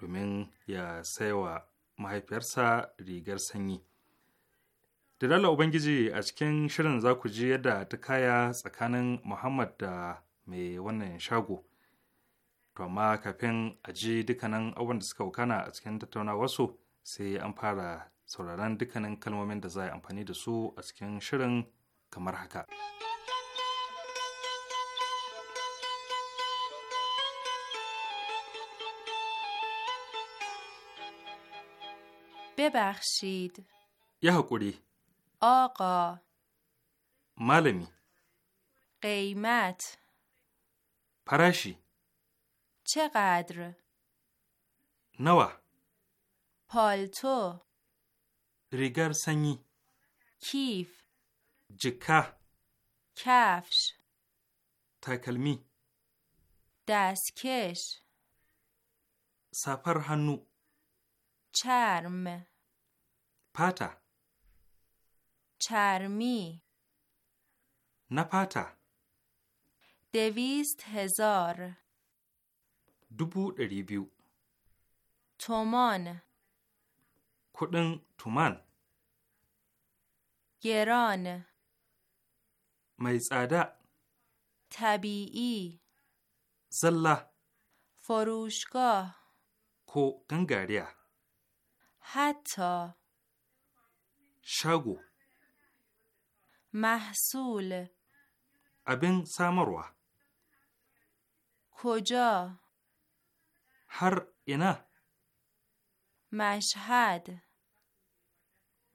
domin ya saiwa mahaifiyarsa rigar sanyi. Da dala Ubangiji a cikin shirin za ku ji yadda ta kaya tsakanin Muhammad da mai wannan shago. To amma kafin a ji dukkanin abubuwan da suka wukana a cikin wasu sai an fara sauraron dukkanin kalmomin da za a yi amfani da su a cikin shirin kamar haka. ببخشید یه حکوری آقا مالمی قیمت پرشی چقدر نوا پالتو ریگر سنی کیف جکه کفش تکلمی دستکش سفر هنو چرم پاتا چرمی نپاتا دویست هزار دوبو ریبیو تومان کدن تومان گران میزاده طبیعی زله فروشگاه کو حتی شگو محصول ابن سمروه کجا؟ هر اینا مشهد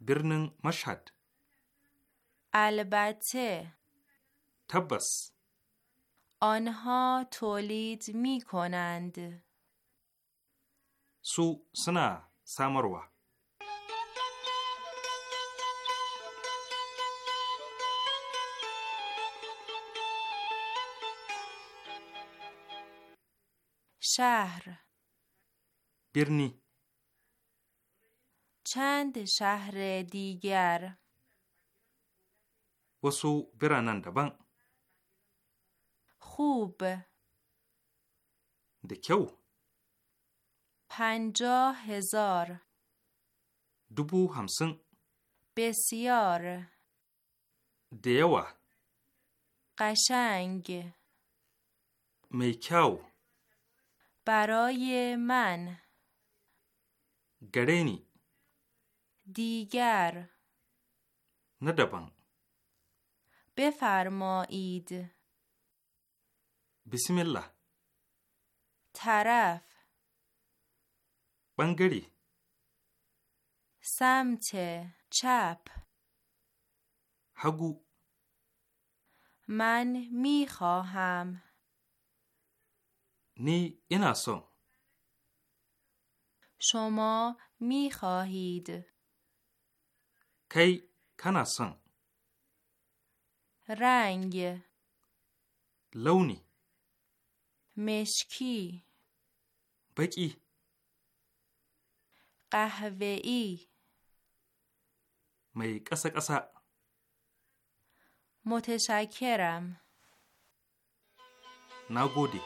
برنن مشهد البته تبس آنها تولید می کنند سو سنه samarwa شهر برنی چند شهر دیگر وسو برانن دبن خوب دکو پنجاه هزار دوبو همسن بسیار دیوه قشنگ میکاو برای من گرینی دیگر ندبن بفرمایید بسم الله طرف بنگری سمت چپ هگو من می خواهم نی این شما می خواهید کی کناسان رنگ لونی مشکی بکی قهوه‌ای می قسا قسا متشکرم نگودی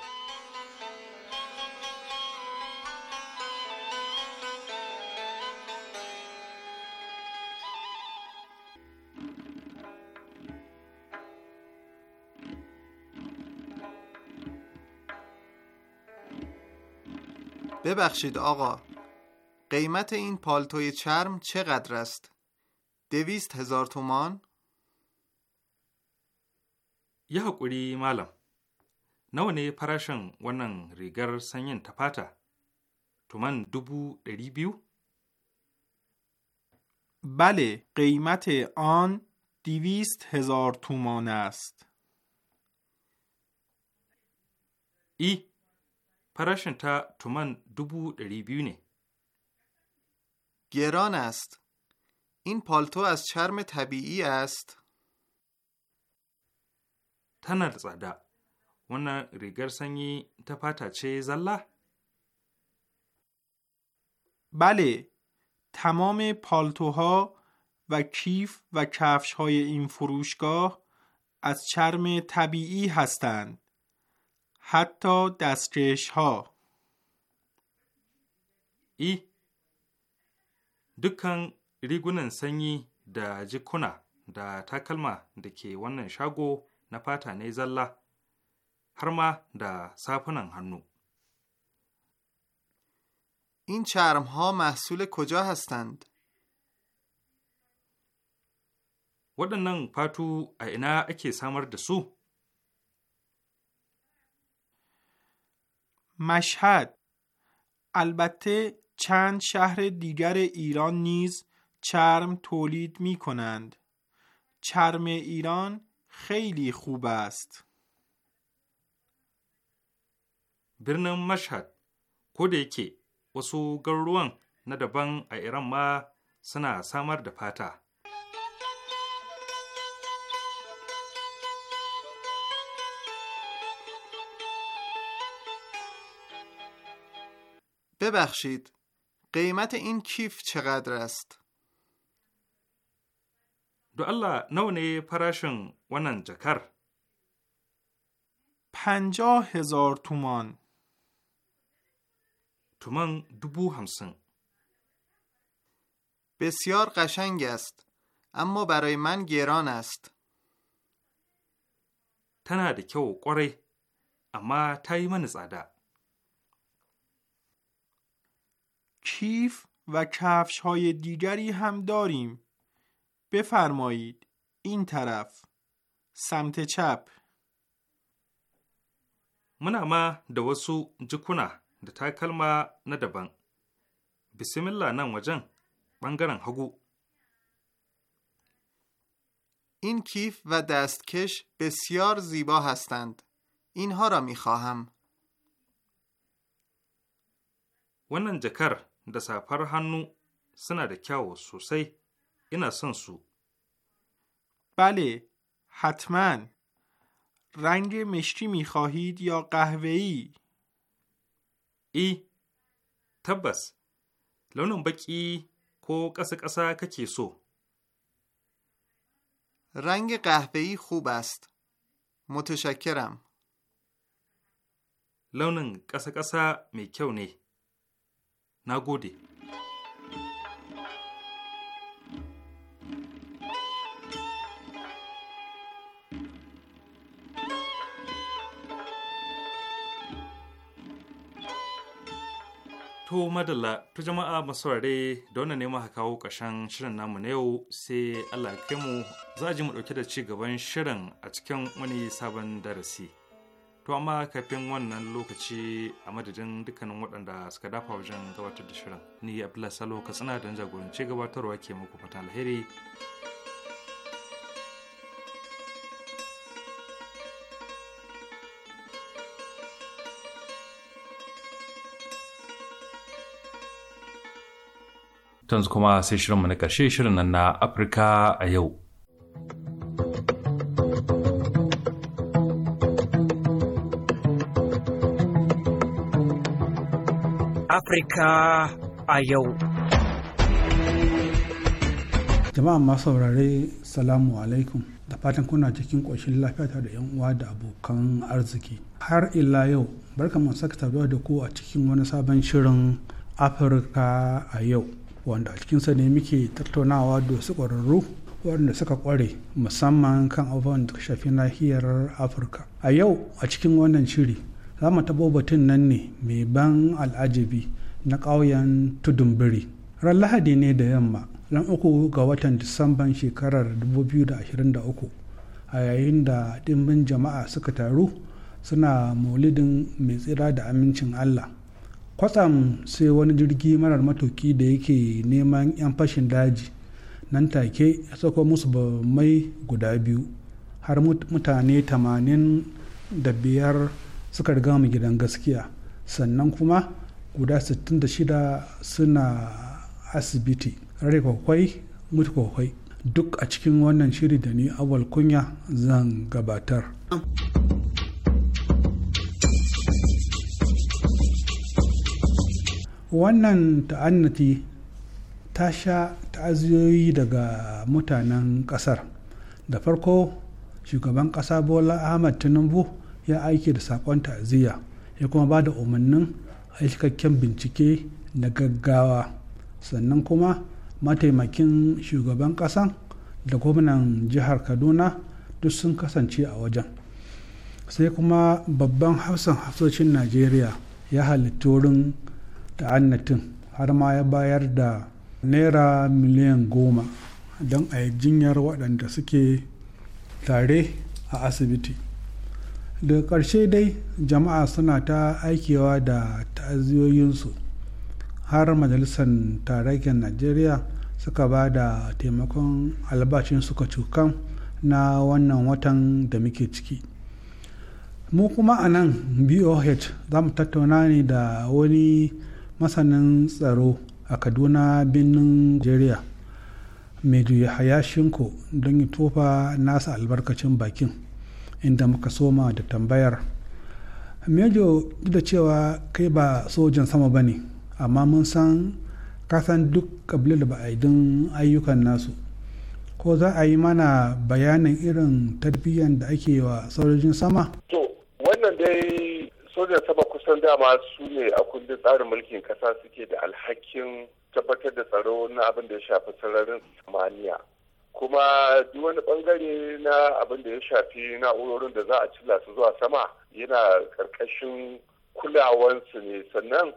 ببخشید آقا قیمت این پالتوی چرم چقدر است؟ دویست هزار تومان؟ یه حقوری معلم نوانه پراشن ونن ریگر سنین تپاتا. تومان دوبو دری بیو؟ بله قیمت آن دویست هزار تومان است ای پراشن تا تومان دوبو دری بیو نه گران است. این پالتو از چرم طبیعی است. تنر زده. ون ریگر سنگی ta چه زله. بله تمام پالتوها و کیف و کفش های این فروشگاه از چرم طبیعی هستند حتی دستکش ها ای dukkan rigunan sanyi da jikuna da takalma da ke wannan shago na fata ne zalla har ma da safunan hannu. این چرم ها محصول کجا هستند؟ waɗannan fatu a ina ake samar da su? mashhad albate چند شهر دیگر ایران نیز چرم تولید می کنند. چرم ایران خیلی خوب است. برنم مشهد کده که وسو گروان ندبان ایران ما سنا سامر دپاتا. ببخشید قیمت این کیف چقدر است؟ دو الله نونه پراشن ونن جکر پنجاه هزار تومان تومان دوبو همسن بسیار قشنگ است اما برای من گران است تنها دکیو قره اما تایی من کیف و کفش های دیگری هم داریم بفرمایید این طرف سمت چپ من ma da wasu jikuna da takalma na daban. Bismillah nan wajen ɓangaren hagu. این کیف و دستکش بسیار زیبا هستند. اینها را می خواهم. ونن جکر da safar hannu suna da kyawu sosai ina son su بله حتما رنگ مشکی می خواهید یا قهوه ای؟ ای تبس لونم بکی کو قسا قسا ککی سو رنگ قهوه ای خوب است متشکرم لونم قسا قسا می کیو Na gode. To madalla ta jama'a masaurare da wannan neman haka kawo ƙarshen shirin namu na yau sai Allah kai mu za ji mu ɗauke da ci gaban shirin a cikin wani sabon darasi. to amma kafin wannan lokaci a madadin dukkanin waɗanda suka dafa wajen gabatar da shirin ni abdullahi salo tsina don jagorance gabatarwa ke muku fata alheri Tanzu kuma sai shirinmu na ƙarshe shirin nan na afirka a yau Afirka a yau. Jama'a masu saurare salamu alaikum da fatan kuna cikin ƙoshin lafiya da 'yan uwa da abokan arziki. Har ila yau barka mu saka taruwa da ku a cikin wani sabon shirin Afirka a yau wanda a cikinsa ne muke tattaunawa da su ƙwararru waɗanda suka ƙware musamman kan abubuwan da shafi nahiyar Afirka. A yau a cikin wannan shiri za mu taɓo batun nan ne mai ban al'ajabi na ƙauyen tudunbiri ran lahadi ne da yamma ran uku ga watan disamban shekarar 2023 a yayin da dimbin jama'a suka taru suna maulidin mai tsira da amincin allah kwatsam sai wani jirgi marar matuki da yake neman 'yan fashin daji nan take ya sako musu mai guda biyu har mutane 85 suka riga mu gidan gaskiya sannan kuma guda 66 suna asibiti rai kwakwai mutu kwakwai duk a cikin wannan shiri da ni awal kunya zan gabatar wannan ta'annati ta sha ta'aziyoyi daga mutanen kasar da farko shugaban kasa bola ahmad tinubu ya aiki da sakon ta'aziyya ya kuma ba da umarnin a cikakken bincike na gaggawa sannan kuma mataimakin shugaban kasan da gwamnan jihar kaduna duk sun kasance a wajen sai kuma babban hafsan hafsoshin najeriya ya halitta wurin ta'annatin har ma ya bayar da naira miliyan goma don a yi jinyar waɗanda suke tare a asibiti daga ƙarshe dai jama'a suna ta aikewa da ta'aziyoyinsu har majalisar tarayyar najeriya suka ba da taimakon albashin suka cukan na wannan watan da muke ciki mu kuma a nan boh za mu tattauna ne da wani masanin tsaro a kaduna birnin nigeria mai juya hayashinko don ya tofa nasa albarkacin bakin inda muka soma da tambayar mejo duk da cewa kai ba sojan sama ba ne amma mun san kasan duk kabilar da ba'aidun ayyukan nasu ko za a yi mana bayanin irin tarbiyyar da ake wa sojojin sama to wannan dai sojan sama kusan dama su ne a kundin tsarin mulkin kasa suke da alhakin tabbatar da tsaro na abin da ya shafi sararin samaniya kuma duk wani bangare na abin da ya shafi na'urorin da za a cilla su zuwa sama yana karkashin kulawansu ne sannan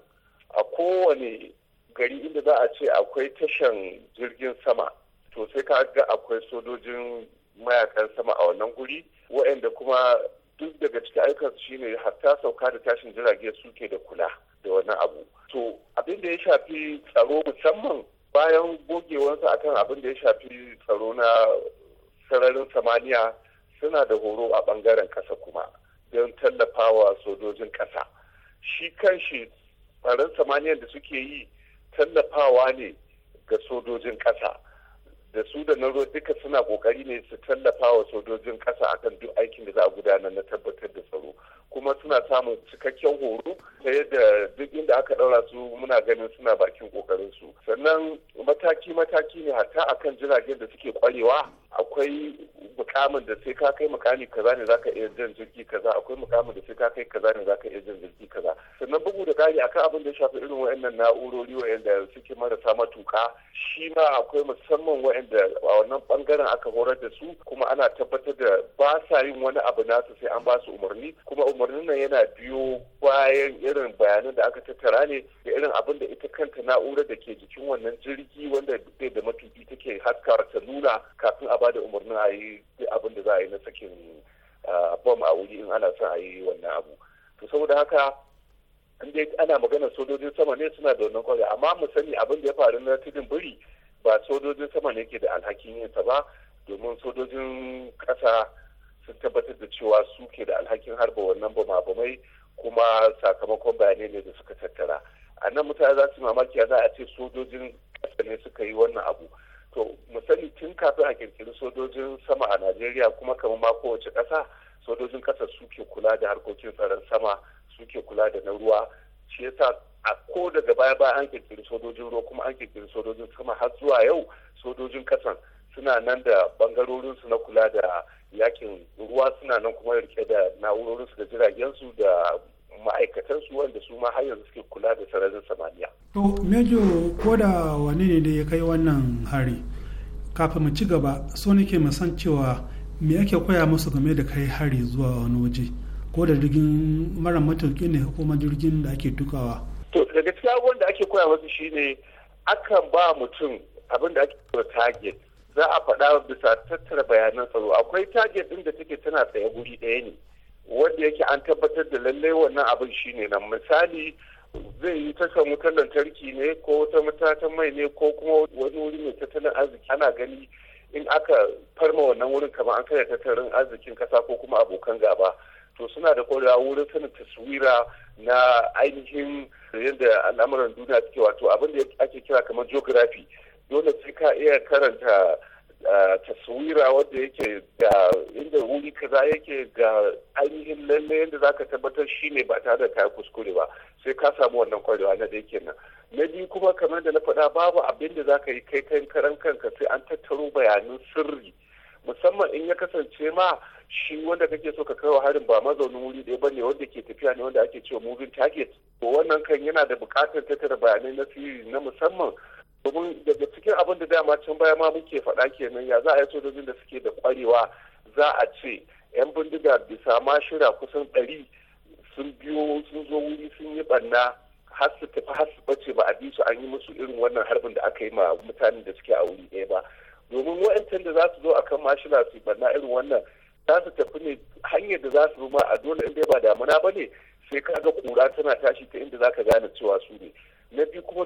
a kowane gari inda za a ce akwai tashan jirgin sama to sai ka ga akwai sojojin mayakan sama a wannan guri waɗanda kuma duk daga cikin shi shine hatta sauka da tashin jirage suke da kula da wannan abu to abin da ya shafi tsaro musamman bayan gogewansu akan abin da ya shafi tsaro na sararin samaniya suna da horo a bangaren kasa kuma don tallafawa sojojin kasa shi kan shi tsaron samaniyar da suke yi tallafawa ne ga sojojin kasa da su da na duka suna kokari ne su tallafawa sojojin kasa akan duk aikin da za a gudanar na tabbatar da tsaro kuma suna samun cikakken horo ta yadda duk inda aka ɗaura su muna ganin suna bakin kokarin su sannan mataki mataki ne hatta akan jiragen da suke kwarewa akwai mukamin da sai ka kai mukami kaza ne zaka iya jan jirgi kaza akwai mukamin da sai ka kai kaza ne zaka iya jan jirgi kaza sannan bugu da kari akan abin da ya shafi irin wayannan na'urori wayanda suke marasa matuka shi ma akwai musamman wayanda a wannan bangaren aka horar da su kuma ana tabbatar da ba sa yin wani abu nasu sai an ba su umarni kuma umarni umarnin nan yana biyo bayan irin bayanan da aka tattara ne da irin abin da ita kanta na'urar da ke jikin wannan jirgi wanda bai da matuƙi take haskar ta nuna kafin a bada umarnin a yi abin da za a yi na sakin bom a wuri in ana son a yi wannan abu to saboda haka in dai ana magana sojojin sama ne suna da wannan kwarewa amma mu sani abin da ya faru na tudun biri ba sojojin sama ne ke da alhakin yinsa ba domin sojojin ƙasa sun tabbatar da cewa su ke da alhakin harba wannan bama-bamai kuma sakamakon bayanai ne da suka tattara a nan mutane za su mamaki za a ce sojojin ƙasa ne suka yi wannan abu to mu tun kafin a kirkiri sojojin sama a najeriya kuma kamar ma kowace ƙasa sojojin ƙasa suke kula da harkokin tsaron sama suke kula da na ruwa shi yasa a ko daga baya baya an kirkiri sojojin ruwa kuma an kirkiri sojojin sama har zuwa yau sojojin ƙasan suna nan da bangarorinsu na kula da yakin ruwa suna nan kuma rike da na'urorinsu da jiragensu da ma'aikatan su wanda su ma har yanzu suke kula da sararin samaniya. To Mejo ko da wani ne da ya kai wannan hari kafin mu ci gaba so nake mu san cewa me ake koya musu game da kai hari zuwa wani waje ko da jirgin mara matuƙi ne kuma jirgin da ake tukawa. To da gaskiya da ake koya musu shine akan ba mutum abin da ake kira target za a faɗa bisa tattara bayanan tsaro akwai target ɗin da take tana tsaye guri ɗaya ne wanda yake an tabbatar da lallai wannan abin shine nan misali zai yi tashan wutar lantarki ne ko wata matatan mai ne ko kuma wani wuri mai tattalin arziki ana gani in aka farma wannan wurin kamar an karya tattalin arzikin kasa ko kuma abokan gaba to suna da kwarewa wurin sanin taswira na ainihin yadda al'amuran duniya suke wato abin da ake kira kamar geography dole sai ka iya karanta taswira wanda yake ga inda wuri kaza yake ga ainihin lalle yadda za ka tabbatar shi ne ba tare da ka kuskure ba sai ka samu wannan kwarewa na dai kenan na biyu kuma kamar da na faɗa babu abin da za ka yi kai kan karan kanka sai an tattaro bayanan sirri musamman in ya kasance ma shi wanda kake so ka kaiwa harin ba mazaunin wuri ɗaya ne wanda ke tafiya ne wanda ake cewa moving target to wannan kan yana da buƙatar tattara bayanai na sirri na musamman domin daga cikin abin da dama can baya ma muke faɗa kenan ya za a yi sojojin da suke da kwarewa za a ce 'yan bindiga bisa ma shira kusan ɗari sun biyo sun zo wuri sun yi ɓanna har tafi har bace ba a bi su an yi musu irin wannan harbin da aka yi ma mutanen da suke a wuri ɗaya ba domin wa'ancan da za su zo akan mashina su ɓanna irin wannan za su tafi ne hanyar da za su ma a dole in dai ba damuna ba ne sai kaga kura tana tashi ta inda za ka gane cewa su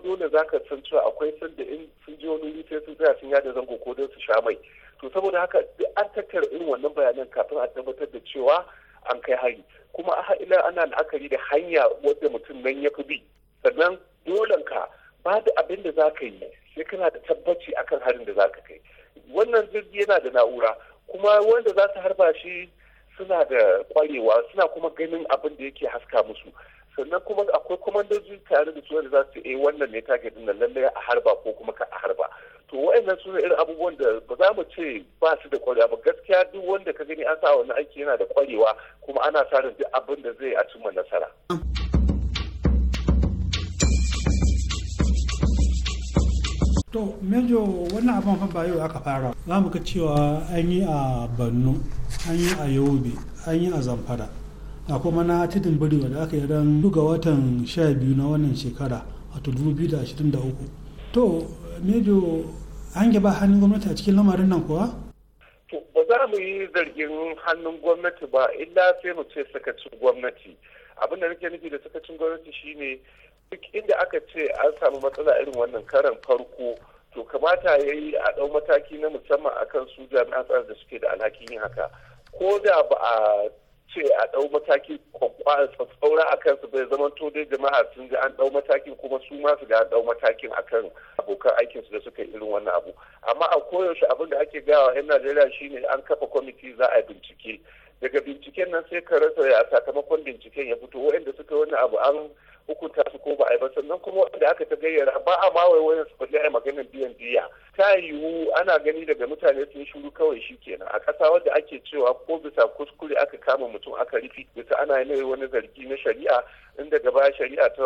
dole za ka san cewa akwai sanda in sun ji wani wuri sai sun tsaya sun yada zango ko don su sha mai to saboda haka duk an tattara irin wannan bayanan kafin a tabbatar da cewa an kai hari kuma a ila ana la'akari da hanya wadda mutum nan ya fi bi sannan ka ba da abin da za ka yi sai kana da tabbaci akan harin da za ka kai wannan jirgi yana da na'ura kuma wanda za su harba shi suna da kwarewa suna kuma ganin abin da yake haska musu sannan kuma akwai kwamandoji tare da su wanda za su yi eh, wannan ne target din nan lallai a harba ko kuma ka a harba to wa'annan su ne irin abubuwan da ba za mu ce ba su da kwarewa ba gaskiya duk wanda ka gani an sa wannan aiki yana da kwarewa kuma ana sa ran duk abin da zai a cimma nasara. to mejo wannan abin fa ba yau aka fara za mu ga cewa an yi a borno an yi a yobe an yi a zamfara a kuma na titin bari wanda aka yi ran duga watan 12 biyu na wannan shekara a 2023 to mejo an gaba hannun gwamnati a cikin lamarin nan kuwa ba za mu yi zargin hannun gwamnati ba illa sai mu ce sakacin gwamnati abin da nake nufi da sakacin gwamnati shine duk inda aka ce an samu matsala irin wannan karan farko to kamata ya yi a ɗau mataki na musamman akan su jami'an tsaron da suke da alhakin yin haka ko da ba a ce a ɗau mataki tsaura a kansu bai zama to dai jama'a sun ji an ɗau matakin kuma su ma su ga an ɗau matakin kan abokan aikinsu da suka irin wannan abu amma a koyaushe abin da ake gawa 'yan najeriya shine an kafa kwamiti za a bincike daga binciken nan sai ka rasa a sakamakon binciken ya fito da suka wani abu an hukunta su ko ba a yi ba sannan kuma wanda aka ta gayyara ba a ma waiwayin su balle a maganin biyan diya ta yiwu ana gani daga mutane sun shuru kawai shi kenan a ƙasa wadda ake cewa ko bisa kuskure aka kama mutum aka rufe bisa ana yi wani zargi na shari'a inda gaba shari'a ta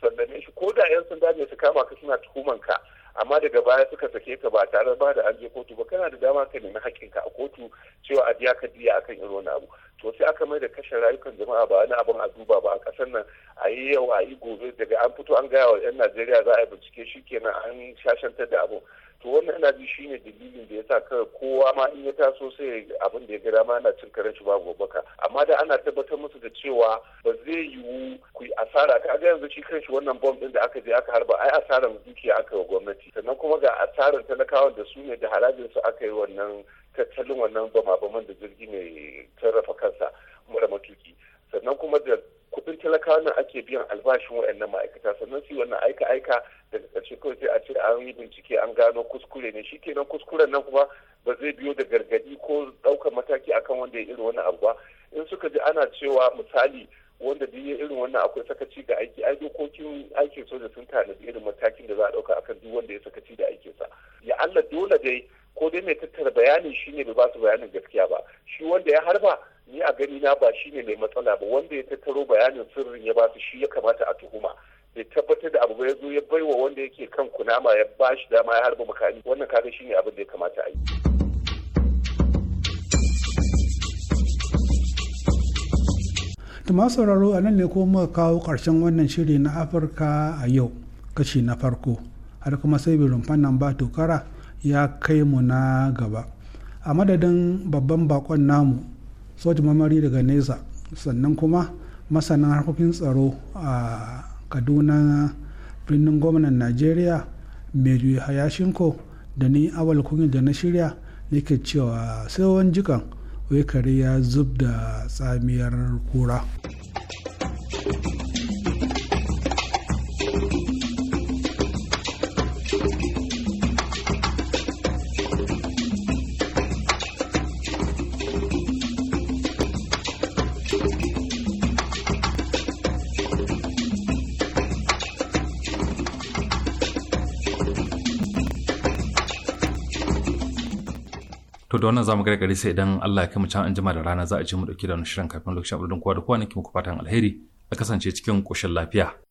sallame shi ko da 'yan sanda ne su kama ka suna tuhuman ka amma daga baya suka sake ka ba tare ba da an je kotu ba kana da dama ka nemi haƙƙinka a kotu cewa a biya ka diya akan irin wani abu to sai aka mai da kashe rayukan jama'a ba wani abun a duba ba a ƙasar nan a yi yau a yi gobe daga an fito an gaya wa 'yan najeriya za a yi bincike shi kenan an shashantar da abu to wannan ina ji shi ne dalilin da ya sa ka kowa ma in ya taso sai abin da ya gada ma yana cin karanci shi babu baka amma da ana tabbatar musu da cewa ba zai yiwu ku yi asara ka ga yanzu shi kanshi wannan bom din da aka je aka harba ai asaran dukiya aka wa gwamnati sannan kuma ga asaran talakawan da su ne da harajin su aka yi wannan tattalin wannan bama-baman da jirgi mai sarrafa kansa mara matuki sannan kuma da kudin talakawa nan ake biyan albashin waɗannan ma'aikata sannan su wannan aika-aika daga ƙarshe kawai sai a ce an yi bincike an gano kuskure ne shi kenan kuskuren nan kuma ba zai biyo da gargadi ko ɗaukar mataki akan wanda ya irin wani abu ba in suka ji ana cewa misali wanda duk ya irin wannan akwai sakaci ga aiki ai dokokin aikin soja sun tanadi irin matakin da za a ɗauka akan duk wanda ya sakaci da aikin sa ya Allah dole dai ko dai mai tattara bayanin shine bai ba su bayanin gaskiya ba shi wanda ya harba ni a gani na ba shine mai matsala ba wanda ya tattaro bayanin sirrin ya ba su shi ya kamata a tuhuma ya tabbatar da abu ya zo ya baiwa wanda yake kan kunama ya ba bashi dama ya harba makami wannan kaga shine abin da ya kamata a yi Tuma sauraro a nan ne ko muka kawo karshen wannan shiri na Afirka a yau kashi na farko har kuma sai rumfan nan ba tokara ya kai mu na gaba. A madadin babban bakon namu soja mamari daga nesa sannan kuma masanin harkokin tsaro a kaduna birnin gwamnan najeriya mai hayashinko da ni awal kunya da na shirya nake cewa sai wani jikan wai kare ya zub da tsamiyar kura. to da wannan zamu ga gari sai idan Allah ya kai mu can anjima da rana za a je mu dauki da wani shirin kafin lokacin abudin kowa da kowa nake muku fatan alheri a kasance cikin koshin lafiya